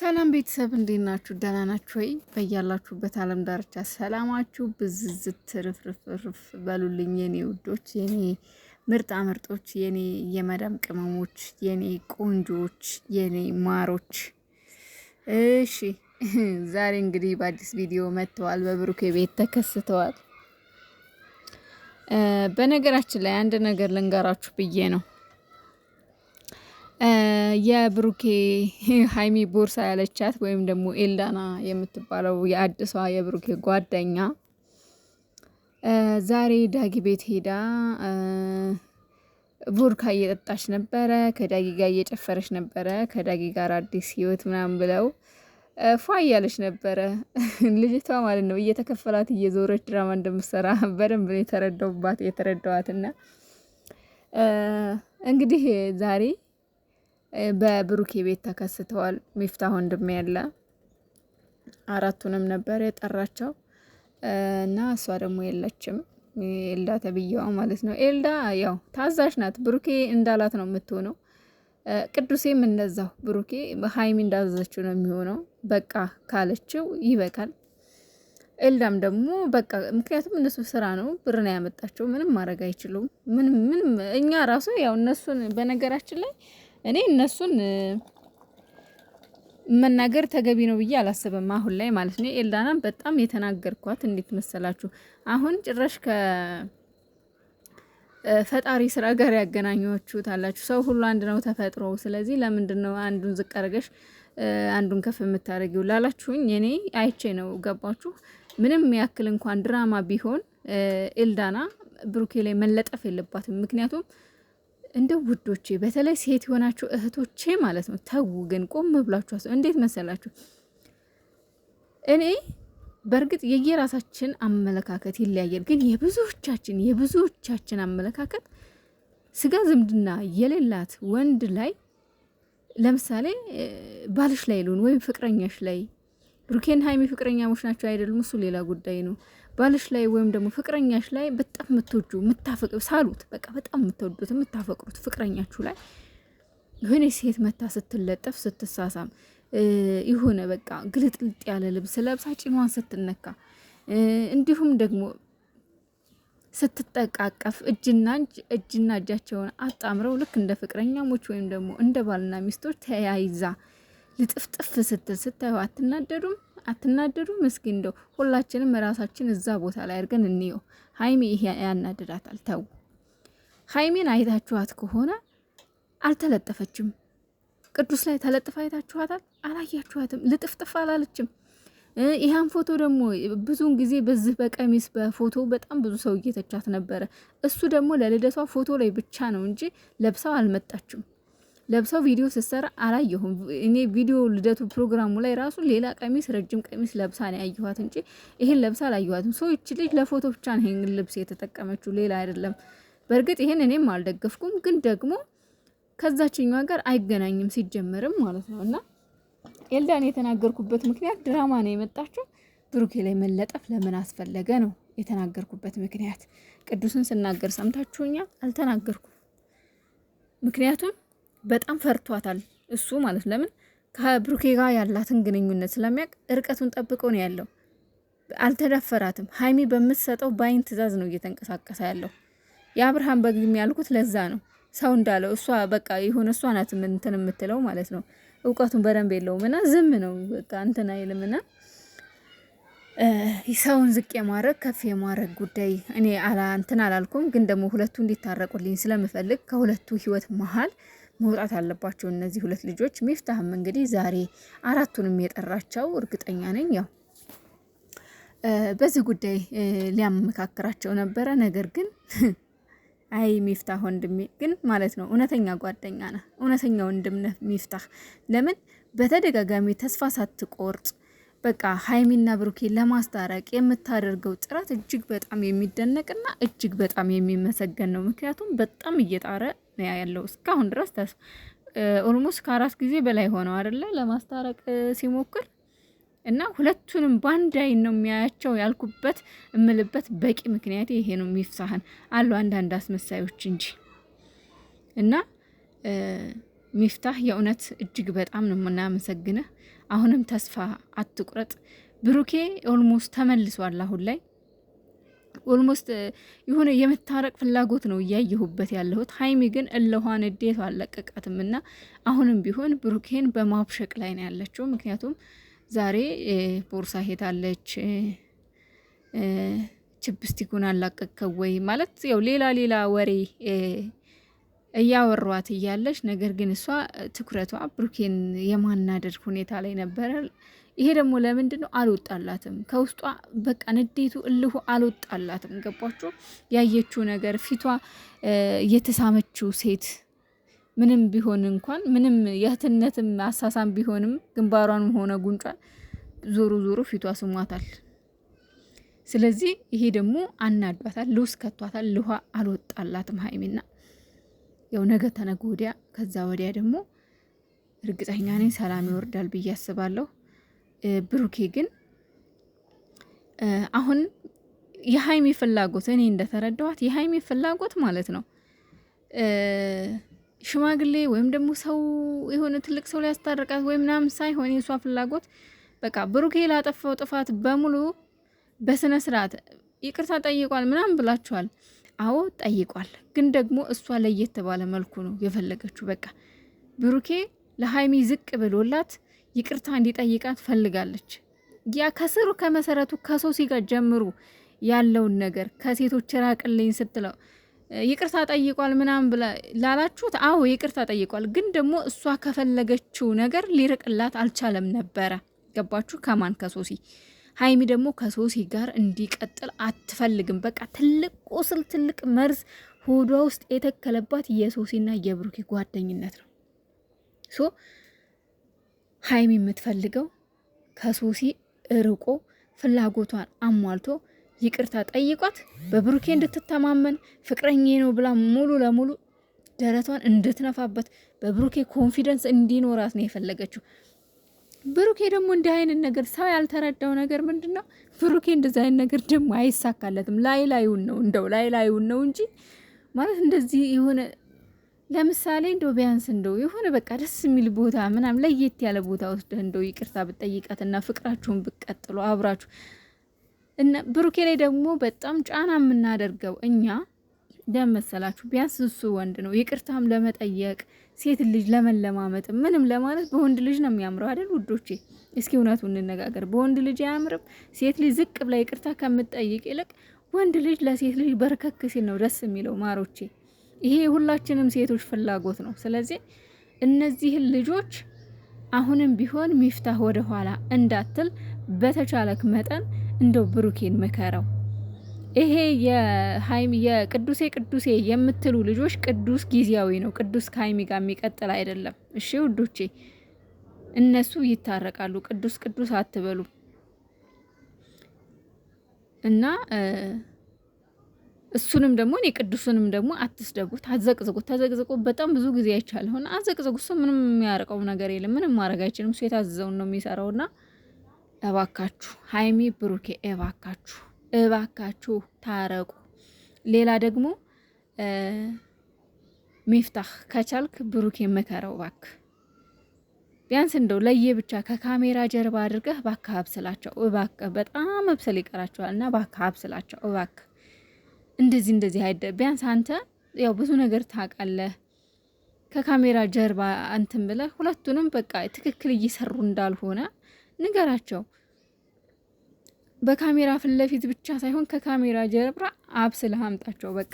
ሰላም ቤተሰብ እንዴት ናችሁ? ደህና ናችሁ ወይ? በያላችሁበት ዓለም ዳርቻ ሰላማችሁ ብዝዝት ትርፍርፍርፍ በሉልኝ የኔ ውዶች፣ የኔ ምርጣ ምርጦች፣ የኔ የመዳም ቅመሞች፣ የኔ ቆንጆዎች፣ የኔ ማሮች። እሺ ዛሬ እንግዲህ በአዲስ ቪዲዮ መጥተዋል። በብሩኬ ቤት ተከስተዋል። በነገራችን ላይ አንድ ነገር ልንገራችሁ ብዬ ነው የብሩኬ ሀይሚ ቦርሳ ያለቻት ወይም ደግሞ ኤልዳና የምትባለው የአዲሷ የብሩኬ ጓደኛ ዛሬ ዳጊ ቤት ሄዳ ቡርካ እየጠጣች ነበረ። ከዳጊ ጋር እየጨፈረች ነበረ። ከዳጊ ጋር አዲስ ህይወት ምናምን ብለው ፏ እያለች ነበረ ልጅቷ ማለት ነው። እየተከፈላት እየዞረች ድራማ እንደምትሰራ በደንብ ነው የተረዳውባት የተረዳዋትና እንግዲህ ዛሬ በብሩኬ ቤት ተከስተዋል። ሚፍታ ወንድም ያለ አራቱንም ነበር የጠራቸው እና እሷ ደግሞ የለችም ኤልዳ ተብዬዋ ማለት ነው። ኤልዳ ያው ታዛዥ ናት። ብሩኬ እንዳላት ነው የምትሆነው። ቅዱሴም እንደዛው ብሩኬ ሀይሚ እንዳዘዘችው ነው የሚሆነው። በቃ ካለችው ይበቃል። ኤልዳም ደግሞ በቃ ምክንያቱም እነሱ ስራ ነው ብር ነው ያመጣቸው። ምንም ማድረግ አይችሉም። ምንም ምንም እኛ ራሱ ያው እነሱን በነገራችን ላይ እኔ እነሱን መናገር ተገቢ ነው ብዬ አላስብም፣ አሁን ላይ ማለት ነው። ኤልዳናም በጣም የተናገርኳት እንዴት መሰላችሁ? አሁን ጭራሽ ከፈጣሪ ስራ ጋር ያገናኛችሁ ታላችሁ። ሰው ሁሉ አንድ ነው ተፈጥሮ። ስለዚህ ለምንድን ነው አንዱን ዝቅ አድርገሽ አንዱን ከፍ የምታደርጊው ላላችሁኝ፣ እኔ አይቼ ነው ገባችሁ። ምንም ያክል እንኳን ድራማ ቢሆን ኤልዳና ብሩኬ ላይ መለጠፍ የለባትም ምክንያቱም እንደ ውዶቼ በተለይ ሴት የሆናችሁ እህቶቼ ማለት ነው፣ ተዉ ግን ቆም ብላችሁ እንዴት መሰላችሁ፣ እኔ በእርግጥ የየራሳችን አመለካከት ይለያያል። ግን የብዙዎቻችን የብዙዎቻችን አመለካከት ስጋ ዝምድና የሌላት ወንድ ላይ ለምሳሌ ባልሽ ላይ ሉን ወይም ፍቅረኛሽ ላይ ብሩኬን ሀይሚ ፍቅረኛሞች ናቸው አይደሉም? እሱ ሌላ ጉዳይ ነው። ባልሽ ላይ ወይም ደግሞ ፍቅረኛሽ ላይ በጣም የምትወጁ የምታፈቅ ሳሉት በቃ በጣም የምትወዱት የምታፈቅሩት ፍቅረኛችሁ ላይ የሆነ ሴት መታ ስትለጠፍ ስትሳሳም የሆነ በቃ ግልጥልጥ ያለ ልብስ ለብሳ ጭኗን ስትነካ እንዲሁም ደግሞ ስትጠቃቀፍ እጅና እጅ እጅና እጃቸውን አጣምረው ልክ እንደ ፍቅረኛሞች ወይም ደግሞ እንደ ባልና ሚስቶች ተያይዛ ልጥፍጥፍ ስትል ስታዩ አትናደዱም? አትናደዱም? እስኪ እንደው ሁላችንም ራሳችን እዛ ቦታ ላይ አድርገን እንየው። ሀይሚ ይሄ ያናድዳታል። ተው ሀይሚን አይታችኋት ከሆነ አልተለጠፈችም። ቅዱስ ላይ ተለጥፋ አይታችኋታል? አላያችኋትም። ልጥፍጥፍ አላለችም። ይህን ፎቶ ደግሞ ብዙውን ጊዜ በዚህ በቀሚስ በፎቶ በጣም ብዙ ሰው እየተቻት ነበረ። እሱ ደግሞ ለልደቷ ፎቶ ላይ ብቻ ነው እንጂ ለብሰው አልመጣችም። ለብሰው ቪዲዮ ስትሰራ አላየሁም። እኔ ቪዲዮ ልደቱ ፕሮግራሙ ላይ ራሱ ሌላ ቀሚስ፣ ረጅም ቀሚስ ለብሳ ነው ያየኋት እንጂ ይሄን ለብሳ አላየኋትም። ሰው ይች ልጅ ለፎቶ ብቻ ነው ይሄን ልብስ የተጠቀመችው፣ ሌላ አይደለም። በእርግጥ ይሄን እኔም አልደገፍኩም፣ ግን ደግሞ ከዛችኛዋ ጋር አይገናኝም ሲጀመርም ማለት ነው። እና ኤልዳን የተናገርኩበት ምክንያት ድራማ ነው የመጣችው ብሩኬ ላይ መለጠፍ ለምን አስፈለገ ነው የተናገርኩበት ምክንያት። ቅዱስን ስናገር ሰምታችሁኛ አልተናገርኩም። ምክንያቱም በጣም ፈርቷታል እሱ ማለት ለምን ከብሩኬ ጋር ያላትን ግንኙነት ስለሚያውቅ እርቀቱን ጠብቆ ነው ያለው። አልተዳፈራትም። ሀይሚ በምትሰጠው በአይን ትዕዛዝ ነው እየተንቀሳቀሰ ያለው። የአብርሃም በግ የሚያልኩት ለዛ ነው። ሰው እንዳለው እሷ በቃ የሆነ እሷ ናት እንትን የምትለው ማለት ነው። እውቀቱን በደንብ የለውም እና ዝም ነው በቃ እንትን አይልም እና ሰውን ዝቅ የማድረግ ከፍ የማድረግ ጉዳይ እኔ እንትን አላልኩም፣ ግን ደግሞ ሁለቱ እንዲታረቁልኝ ስለምፈልግ ከሁለቱ ህይወት መሀል መውጣት ያለባቸው እነዚህ ሁለት ልጆች። ሚፍታህም እንግዲህ ዛሬ አራቱንም የጠራቸው እርግጠኛ ነኝ ያው በዚህ ጉዳይ ሊያመካክራቸው ነበረ። ነገር ግን አይ ሚፍታህ ወንድሜ ግን ማለት ነው እውነተኛ ጓደኛ ነህ፣ እውነተኛ ወንድም ነህ ሚፍታህ። ለምን በተደጋጋሚ ተስፋ ሳትቆርጥ በቃ ሀይሚና ብሩኬ ለማስታረቅ የምታደርገው ጥረት እጅግ በጣም የሚደነቅና እጅግ በጣም የሚመሰገን ነው። ምክንያቱም በጣም እየጣረ ነው ያለው እስካሁን ድረስ ተስ ኦልሞስት ከአራት ጊዜ በላይ ሆነው አይደለ ለማስታረቅ ሲሞክር እና ሁለቱንም በአንድ አይን ነው የሚያያቸው። ያልኩበት እምልበት በቂ ምክንያት ይሄ ነው። ሚፍሳህን አሉ አንዳንድ አስመሳዮች እንጂ እና ሚፍታህ የእውነት እጅግ በጣም ነው የምናመሰግንህ። አሁንም ተስፋ አትቁረጥ ብሩኬ። ኦልሞስት ተመልሷል አሁን ላይ ኦልሞስት የሆነ የመታረቅ ፍላጎት ነው እያየሁበት ያለሁት። ሀይሚ ግን እለኋን እዴቷ አለቀቃትም እና አሁንም ቢሆን ብሩኬን በማብሸቅ ላይ ነው ያለችው። ምክንያቱም ዛሬ ቦርሳ ሄታለች ችብስቲኩን አላቀቅከው ወይ ማለት ያው ሌላ ሌላ ወሬ እያወሯት እያለች ነገር ግን እሷ ትኩረቷ ብሩኬን የማናደድ ሁኔታ ላይ ነበረ። ይሄ ደግሞ ለምንድን ነው አልወጣላትም? ከውስጧ በቃ ንዴቱ እልሁ አልወጣላትም። ገባችሁ? ያየችው ነገር ፊቷ የተሳመችው ሴት ምንም ቢሆን እንኳን ምንም የእህትነትም አሳሳም ቢሆንም ግንባሯንም ሆነ ጉንጯን ዞሮ ዞሮ ፊቷ ስሟታል። ስለዚህ ይሄ ደግሞ አናዷታል፣ ልውስ ከቷታል። ልኋ አልወጣላትም ሀይሚና ያው ነገ ተነገ ወዲያ ከዛ ወዲያ ደግሞ እርግጠኛ ነኝ ሰላም ይወርዳል ብዬ አስባለሁ። ብሩኬ ግን አሁን የሀይሚ ፍላጎት እኔ እንደተረዳኋት የሀይሚ ፍላጎት ማለት ነው ሽማግሌ ወይም ደግሞ ሰው የሆነ ትልቅ ሰው ላይ ያስታርቃት ወይም ምናምን ሳይሆን የእሷ ፍላጎት በቃ ብሩኬ ላጠፋው ጥፋት በሙሉ በስነ ስርዓት ይቅርታ ጠይቋል ምናምን ብላችኋል። አዎ ጠይቋል። ግን ደግሞ እሷ ለየት ባለ መልኩ ነው የፈለገችው። በቃ ብሩኬ ለሀይሚ ዝቅ ብሎላት ይቅርታ እንዲጠይቃት ፈልጋለች። ያ ከስሩ ከመሰረቱ ከሶሲ ጋር ጀምሩ ያለውን ነገር ከሴቶች ራቅልኝ ስትለው ይቅርታ ጠይቋል ምናምን ብላ ላላችሁት፣ አዎ ይቅርታ ጠይቋል። ግን ደግሞ እሷ ከፈለገችው ነገር ሊርቅላት አልቻለም ነበረ። ገባችሁ? ከማን ከሶሲ ሀይሚ ደግሞ ከሶሲ ጋር እንዲቀጥል አትፈልግም። በቃ ትልቅ ቁስል፣ ትልቅ መርዝ ሆዷ ውስጥ የተከለባት የሶሲና የብሩኬ ጓደኝነት ነው። ሀይሚ የምትፈልገው ከሶሲ እርቆ ፍላጎቷን አሟልቶ ይቅርታ ጠይቋት በብሩኬ እንድትተማመን ፍቅረኛ ነው ብላ ሙሉ ለሙሉ ደረቷን እንድትነፋበት በብሩኬ ኮንፊደንስ እንዲኖራት ነው የፈለገችው። ብሩኬ ደግሞ እንዲህ አይነት ነገር ሰው ያልተረዳው ነገር ምንድን ነው? ብሩኬ እንደዚህ አይነት ነገር ደግሞ አይሳካለትም። ላይ ላዩን ነው እንደው ላይ ላዩን ነው እንጂ ማለት እንደዚህ የሆነ ለምሳሌ እንደው ቢያንስ እንደው የሆነ በቃ ደስ የሚል ቦታ ምናምን ለየት ያለ ቦታ ወስደህ እንደው ይቅርታ ብጠይቃትና ፍቅራችሁን ብትቀጥሉ አብራችሁ እና ብሩኬ ላይ ደግሞ በጣም ጫና የምናደርገው እኛ ደም መሰላችሁ። ቢያንስ እሱ ወንድ ነው፣ ይቅርታም ለመጠየቅ ሴት ልጅ ለመለማመጥ ምንም ለማለት በወንድ ልጅ ነው የሚያምረው አይደል ውዶቼ? እስኪ እውነቱ እንነጋገር፣ በወንድ ልጅ አያምርም። ሴት ልጅ ዝቅ ብላ ይቅርታ ከምትጠይቅ ይልቅ ወንድ ልጅ ለሴት ልጅ በርከክ ሲል ነው ደስ የሚለው ማሮቼ። ይሄ ሁላችንም ሴቶች ፍላጎት ነው። ስለዚህ እነዚህን ልጆች አሁንም ቢሆን ሚፍታህ ወደ ኋላ እንዳትል በተቻለክ መጠን እንደው ብሩኬን ምከረው። ይሄ የሀይሚ የቅዱሴ ቅዱሴ የምትሉ ልጆች ቅዱስ ጊዜያዊ ነው። ቅዱስ ከሀይሚ ጋር የሚቀጥል አይደለም። እሺ ውዶቼ፣ እነሱ ይታረቃሉ። ቅዱስ ቅዱስ አትበሉ እና እሱንም ደግሞ እኔ ቅዱሱንም ደግሞ አትስደጉት፣ አዘቅዝቁት። ተዘቅዝቆ በጣም ብዙ ጊዜ አይቻለሁ እና አዘቅዝቁ። እሱ ምንም የሚያርቀው ነገር የለም። ምንም ማድረግ አይችልም። እሱ የታዘዘውን ነው የሚሰራው። ና እባካችሁ፣ ሀይሚ ብሩኬ፣ እባካችሁ፣ እባካችሁ ሀይሚ ብሩኬ፣ እባካችሁ እባካችሁ ታረቁ። ሌላ ደግሞ ሚፍታህ ከቻልክ ብሩኬ ምከረው ባክ፣ ቢያንስ እንደው ለየ ብቻ ከካሜራ ጀርባ አድርገህ እባክህ አብስላቸው እባክ። በጣም መብሰል ይቀራቸዋል ና እባክህ አብስላቸው እባክ። እንደዚህ እንደዚህ አይደ ቢያንስ አንተ ያው ብዙ ነገር ታውቃለህ ከካሜራ ጀርባ አንትን ብለህ ሁለቱንም በቃ ትክክል እየሰሩ እንዳልሆነ ንገራቸው። በካሜራ ፊት ለፊት ብቻ ሳይሆን ከካሜራ ጀርባ አብስለህ አምጣቸው በቃ